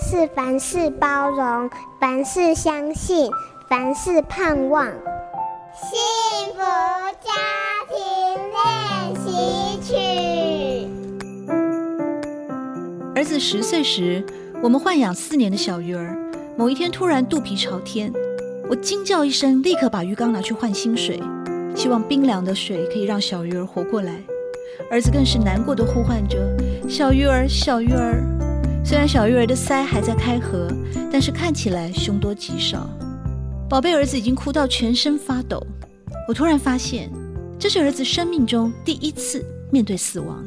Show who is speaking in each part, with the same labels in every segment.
Speaker 1: 是凡事包容，凡事相信，凡事盼望。幸福家庭練習曲。
Speaker 2: 兒子十歲時，我們豢養四年的小魚兒，某一天突然肚皮朝天，我驚叫一聲，立刻把魚缸拿去換新水，希望冰涼的水可以讓小魚兒活過來。兒子更是難過的呼喚着：“小魚兒，小魚兒。”雖然小魚兒的腮還在開合，但是看起來凶多吉少。寶貝兒子已經哭到全身發抖。我突然發現，這是兒子生命中第一次面對死亡。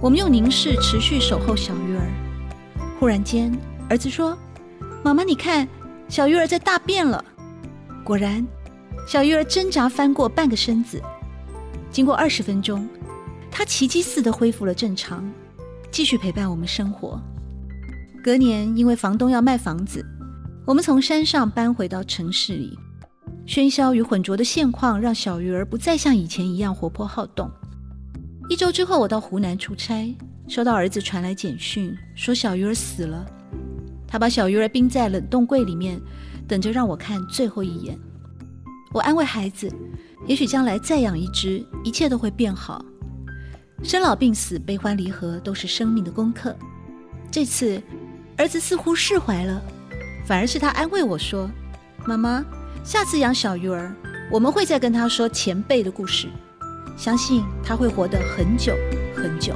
Speaker 2: 我們用凝視持續守候小魚兒。忽然間，兒子說：“媽媽，你看，小魚兒在大便了。”果然，小魚兒掙扎翻過半個身子。經過二十分鐘，它奇蹟似的恢復了正常。繼續陪伴我們生活。隔年，因為房東要賣房子，我們從山上搬回到城市裡。喧囂與混濁的現況讓小魚兒不再像以前一樣活潑好動。一周之後，我到湖南出差，收到兒子傳來簡訊，說小魚兒死了。他把小魚兒冰在冷凍櫃裡面，等着讓我看最後一眼。我安慰孩子，也許將來再養一隻，一切都會變好。生老病死、悲歡離合，都是生命的功課。這次，兒子似乎釋懷了，反而是他安慰我說：“媽媽，下次養小魚兒，我們會再跟他說前輩的故事，相信他會活得很久很久。”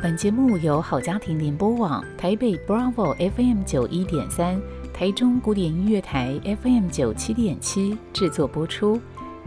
Speaker 3: 本節目由好家庭聯播網、台北 Bravo FM 九一點三、台中古典音樂台 FM 九七點七製作播出。